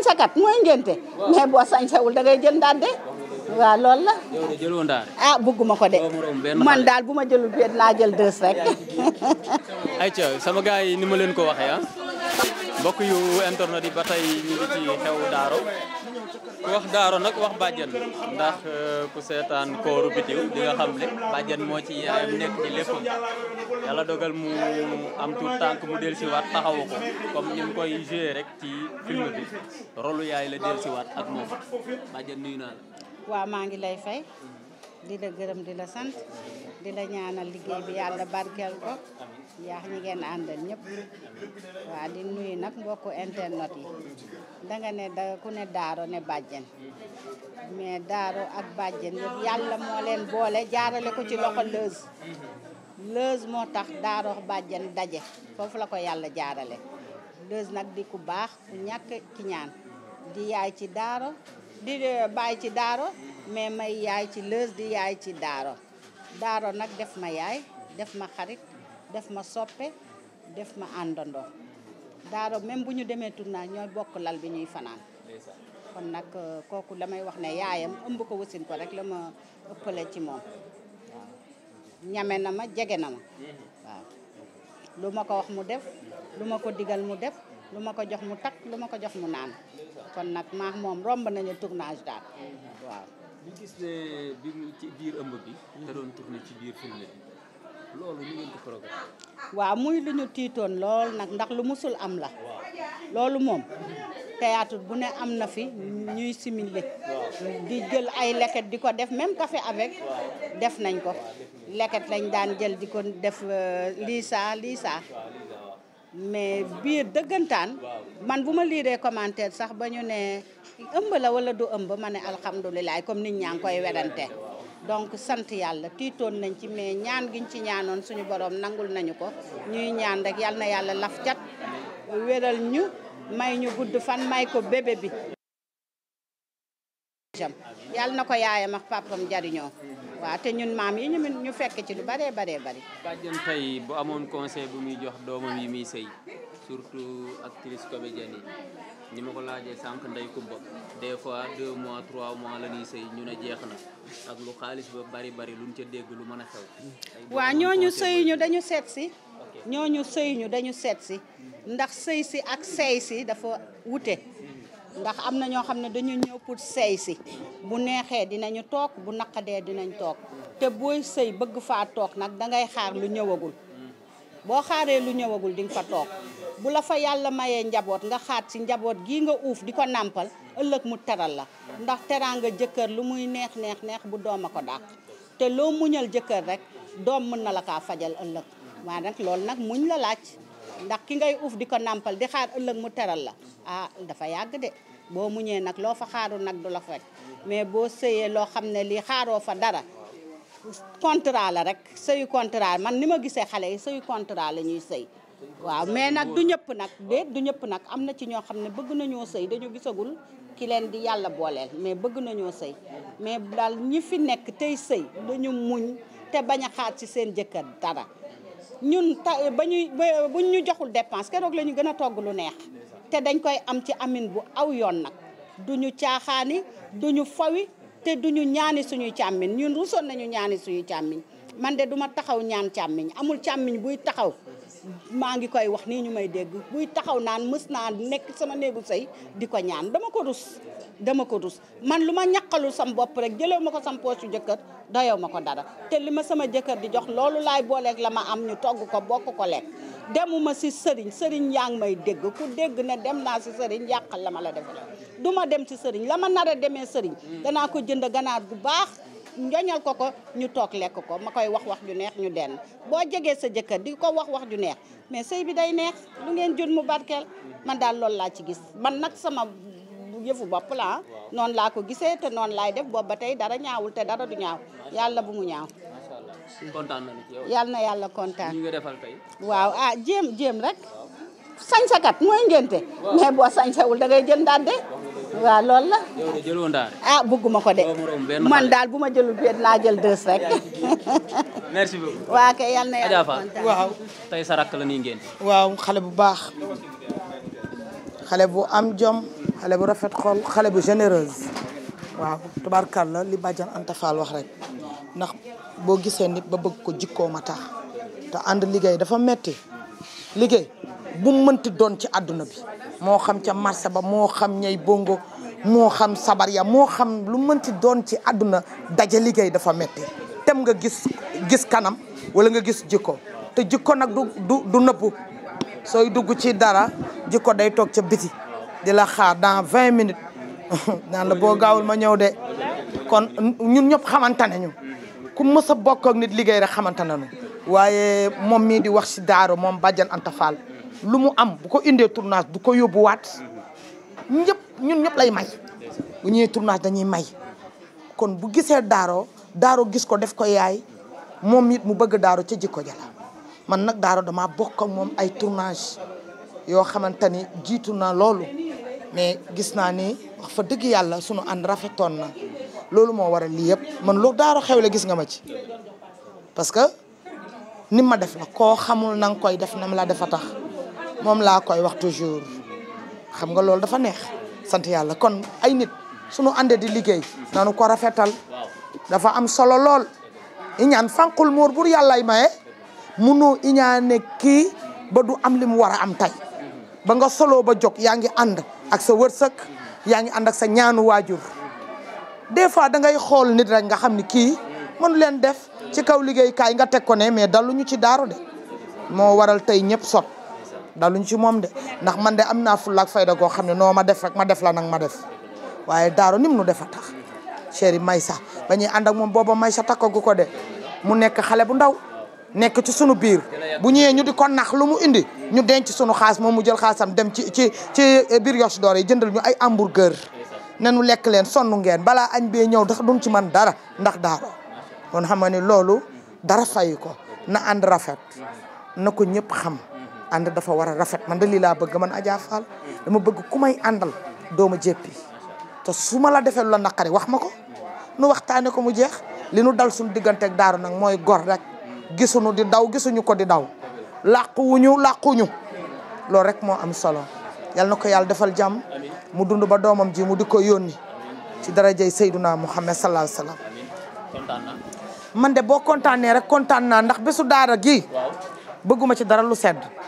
sañse kat mooy ngénte mais boo sañsewul da ngay jël ndaat de waaw loolu la. yow de ah, bëgguma ko de. man daal bu ma jëlul benn naa jël deux rek. ayca sama gars yi ni ma leen ko waxee ah mbokk yu internet yi ba tey xew daaro wax daaro nag wax bàjjen ndax euh, ku seetaan kooru bitiw di nga xam ne bàjjen moo ci yaayam nekk ci lépp yàlla dogal mu am tout tànk mu del siwaat taxawu ko comme ni koy joué rek ci film bi rolu yaay la del siwaat ak moom bàjjen nuyu naa la waaw ngi lay fay di la gërëm di la sant di la ñaanal liggéey bi yàlla barkeel ko yaax ñi ngeen àndal ñëpp waaw di nuyu nag mbokku internet yi danga ne da ku ne daaro ne bàjjen mais daaro ak bàjjen yëpp yàlla moo leen boole jaarale ko ci loxo lëz lëz moo tax daaro bàjjen daje foofu la ko yàlla jaarale lëz nag di ku baax ku ñàkk ki ñaan di yaay ci daaro di eh, bàyyi ci daaro mais may yaay ci lëës di yaay ci daaro daaro nag def ma yaay def ma xarit def ma soppe def ma àndandoo daaro même bu ñu demee tournage ñoo bokk lal bi ñuy fanaan kon nag euh, kooku la may wax ne yaayam ëmb ko wasin ko rek la ma ëppale ci moom ñame na ma jege na waaw lu ma ko wax mu def lu ma ko digal mu def lu ma ko jox mu takk lu ma ko jox mu naan kon nag maax moom romb nañu tournage daal waaw ñu gis ne ci biir ëmb bi. te muy lu ñu tiitoon lool nag ndax lu musul am la. loolu moom. théâtre bu ne am na fi ñuy simile di jël ay leket di ko def même café avec def nañ ko leket lañ daan jël di ko def euh, lii saa lii saa mais biir dëggantaan man bu ma liiree commentaire sax ba ñu ne ëmb la wala du ëmb ma ne alhamdulilah comme nit ñaa ngi koy werante donc sant yàlla tiitoon nañ ci mais ñaan giñ ci ñaanoon suñu boroom nangul nañu ko ñuy ñaan rek yal na yàlla laf cat wéral ñu may ñu gudd fan may ko bébé bi jam na ko yaayam ak papam jariñoo waaw te ñun maam yi ñu ñu fekk ci lu baree baree bari. bàjjen yi bu amoon conseil bu muy jox doomam yi muy sëy surtout actrice comédienne yi ñu ma ko laajee sànq ndey kubba des fois deux mois trois mois la ñuy sëy ñu ne jeex na ak lu xaalis ba bari bari luñ ca dégg lu mën a xew. waa ñoo ñu ñu dañu seet si. ñooñu sëy ñu dañu seet si. ndax sëy si ak sëy si dafa wute. ndax am na ñoo xam ne dañu ñëw pour sëy si bu neexee dinañu toog bu naqadee dinañ toog te booy sëy bëgg faa toog nag dangay xaar lu ñëwagul boo xaaree lu ñëwagul dinga fa toog bu la fa yàlla mayee njaboot nga xaat ci njaboot gii nga uuf di ko nàmpal ëllëg mu teral la ndax teraanga jëkkër lu muy neex neex neex bu doom a ko dàq te loo muñal jëkkër rek doom mën na la kaa fajal ëllëg waaye nag loolu nag muñ la laaj ndax ki ngay uuf di ko nàmpal di xaar ëllëg mu teral la ah dafa yàgg de boo mu muñee nag loo fa xaarul nag du la fa mais boo sëyee loo xam ne lii xaaroo fa dara contrat la rek sëyu contrat man ni ma gisee xale yi sëyu contrat la ñuy sëy waaw mais nag du ñëpp nag déet du ñëpp nag am na ci ñoo xam ne bëgg nañoo sëy dañu gisagul ki leen di yàlla booleel mais bëgg nañoo sëy mais daal ñi fi nekk tey sëy dañu muñ te bañ a xaar ci seen jëkkër dara ñun ta ba ñuy buñ ñu joxul dépense keroog la ñu gën a togg lu neex te dañ koy am ci amin bu aw yoon nag du ñu caaxaani du ñu fawi te du ñu ñaani suñuy càmmiñ ñun rusoon nañu ñaani suñuy càmmiñ man de duma taxaw ñaan càmmiñ amul càmmiñ buy taxaw maa ngi koy wax nii ñu may dégg buy taxaw naan mës naa nekk sama néegu sëy di ko ñaan dama ko rus dama ko rus man lu ma ñaqalul sam bopp rek jëlew ma ko sam poche yu jëkkër doyow ma ko dara te li ma sama jëkkër di jox loolu laay booleeg la ma am ñu togg ko bokk ko lekk demuma si sëriñ sëriñ yaa ngi may dégg ku dégg ne dem naa si sëriñ yàqal la ma la defe duma dem si sëriñ la ma nar demee sëriñ mm. danaa ko jënd ganaar bu baax njoñal ko ko ñu toog lekk ko ma koy wax wax ju neex ñu den boo jegee sa jëkkër di ko wax wax ju neex mais sëy bi day neex lu ngeen jur mu barkeel man daal loolu laa ci gis man nag sama yëfu bopp laa ah. noonu laa ko gisee te noonu laay def boobu ba tey dara ñaawul te dara du ñaaw yàlla bu mu ñaaw kontaan na ci yàlla na yàlla kontaan ñu ngi waaw ah jéem jéem rek sañsakat mooy ngénte mais boo sañsawul da ngay jëndaat de waaw loolu la. ah bëgguma ko de. man daal bu ma jëlul naa jël deux rek. waa kay yal na waaw. la nii ngeen. waaw xale bu baax. xale bu am jom. xale bu rafet xol xale bu généreuse. waaw tubaarkàlla li bàjjan Anta Fall wax rek. ndax boo gisee nit ba bëgg ko jikkoo ma tax. te ànd liggéey dafa metti liggéey bu mu mënti doon ci àdduna bi. moo xam ca marché ba moo xam ñay bongo moo xam sabar ya moo xam lu mënti doon ci àdduna daje liggéey dafa metti tem nga gis gis kanam wala nga gis jikko te jikko nag du du du nëbbu sooy dugg ci dara jikko day toog ca biti di la xaar dans vingt minutes dan la boo gaawul ma ñëw de kon ñun ñëpp xamante nañu ku mës a bokk nit liggéey rek xamante nañu waaye moom mii di wax si daaro moom bàjjan Anta Fall lu mu am bu ko indee tournage du ko yóbbuwaat ñëpp ñun ñëpp lay may bu ñëwee tournage dañuy may kon bu gisee Daro Daro gis ko def ko yaay moom it mu bëgg Daro ca jikko ja la man nag Daro dama bokk ak moom ay tournage yoo xamante ni jiitu na loolu mais gis naa ni fa dëgg yàlla sunu ànd rafetoon na loolu moo wara lii yëpp man loo lu xew la gis nga ma ci parce que ni ma def la koo xamul na koy def nam ma def a tax moom laa koy wax toujours xam nga loolu dafa neex sant yàlla kon ay nit suñu àndee di liggéey nanu ko rafetal dafa am solo lool iñaan fànqul muur bur yàllay maye munu iñaane kii ba du am li mu war a am tey ba nga solo ba jóg yaa ngi ànd ak sa wërsëg yaa ngi ànd ak sa ñaanu waajur des fois da ngay xool nit rek nga xam ni kii mënu leen def ci kaw liggéeykaay nga teg ko ne mais daluñu ci daaro de moo waral tey ñëpp sot daluñ ci moom de ndax man de am naa fulla ak fayda goo xam ne noo ma def rek ma def la nag ma def waaye daaro nim nu defa tax chéri Maysa ba ñuy ànd ak moom booba Maysa takkagu ko de mu nekk xale bu ndaw nekk ci sunu biir bu ñëwee ñu di ko nax lu mu indi ñu denc sunu xaas moom mu jël xaasam dem ci ci ci biir Yoff Door yi jëndal ñu ay hamburger ne nu lekk leen sonn ngeen balaa añ bee ñëw ndax ci man dara ndax daaro kon xam nga ni loolu dara fay ko na ànd rafet na ko ñëpp xam ànd dafa war a rafet man de lii laa bëgg man Adja Fall dama bëgg ku may àndal dooma jéppi te su ma la defee lu la naqari wax ma ko nu waxtaane ko mu jeex li nu dal suñu digganteeg daaru nag mooy gor rek gisuñu di daw gisuñu ko di daw làquwuñu làquñu loolu rek moo am solo yal na ko yàlla defal jàmm mu dund ba doomam ji mu di ko yónni ci darajay Seyduna Muhammad sallallahu alayhi wasallam man de boo kontaanee rek kontaan naa ndax bésu daara gi bëgguma ci dara lu sedd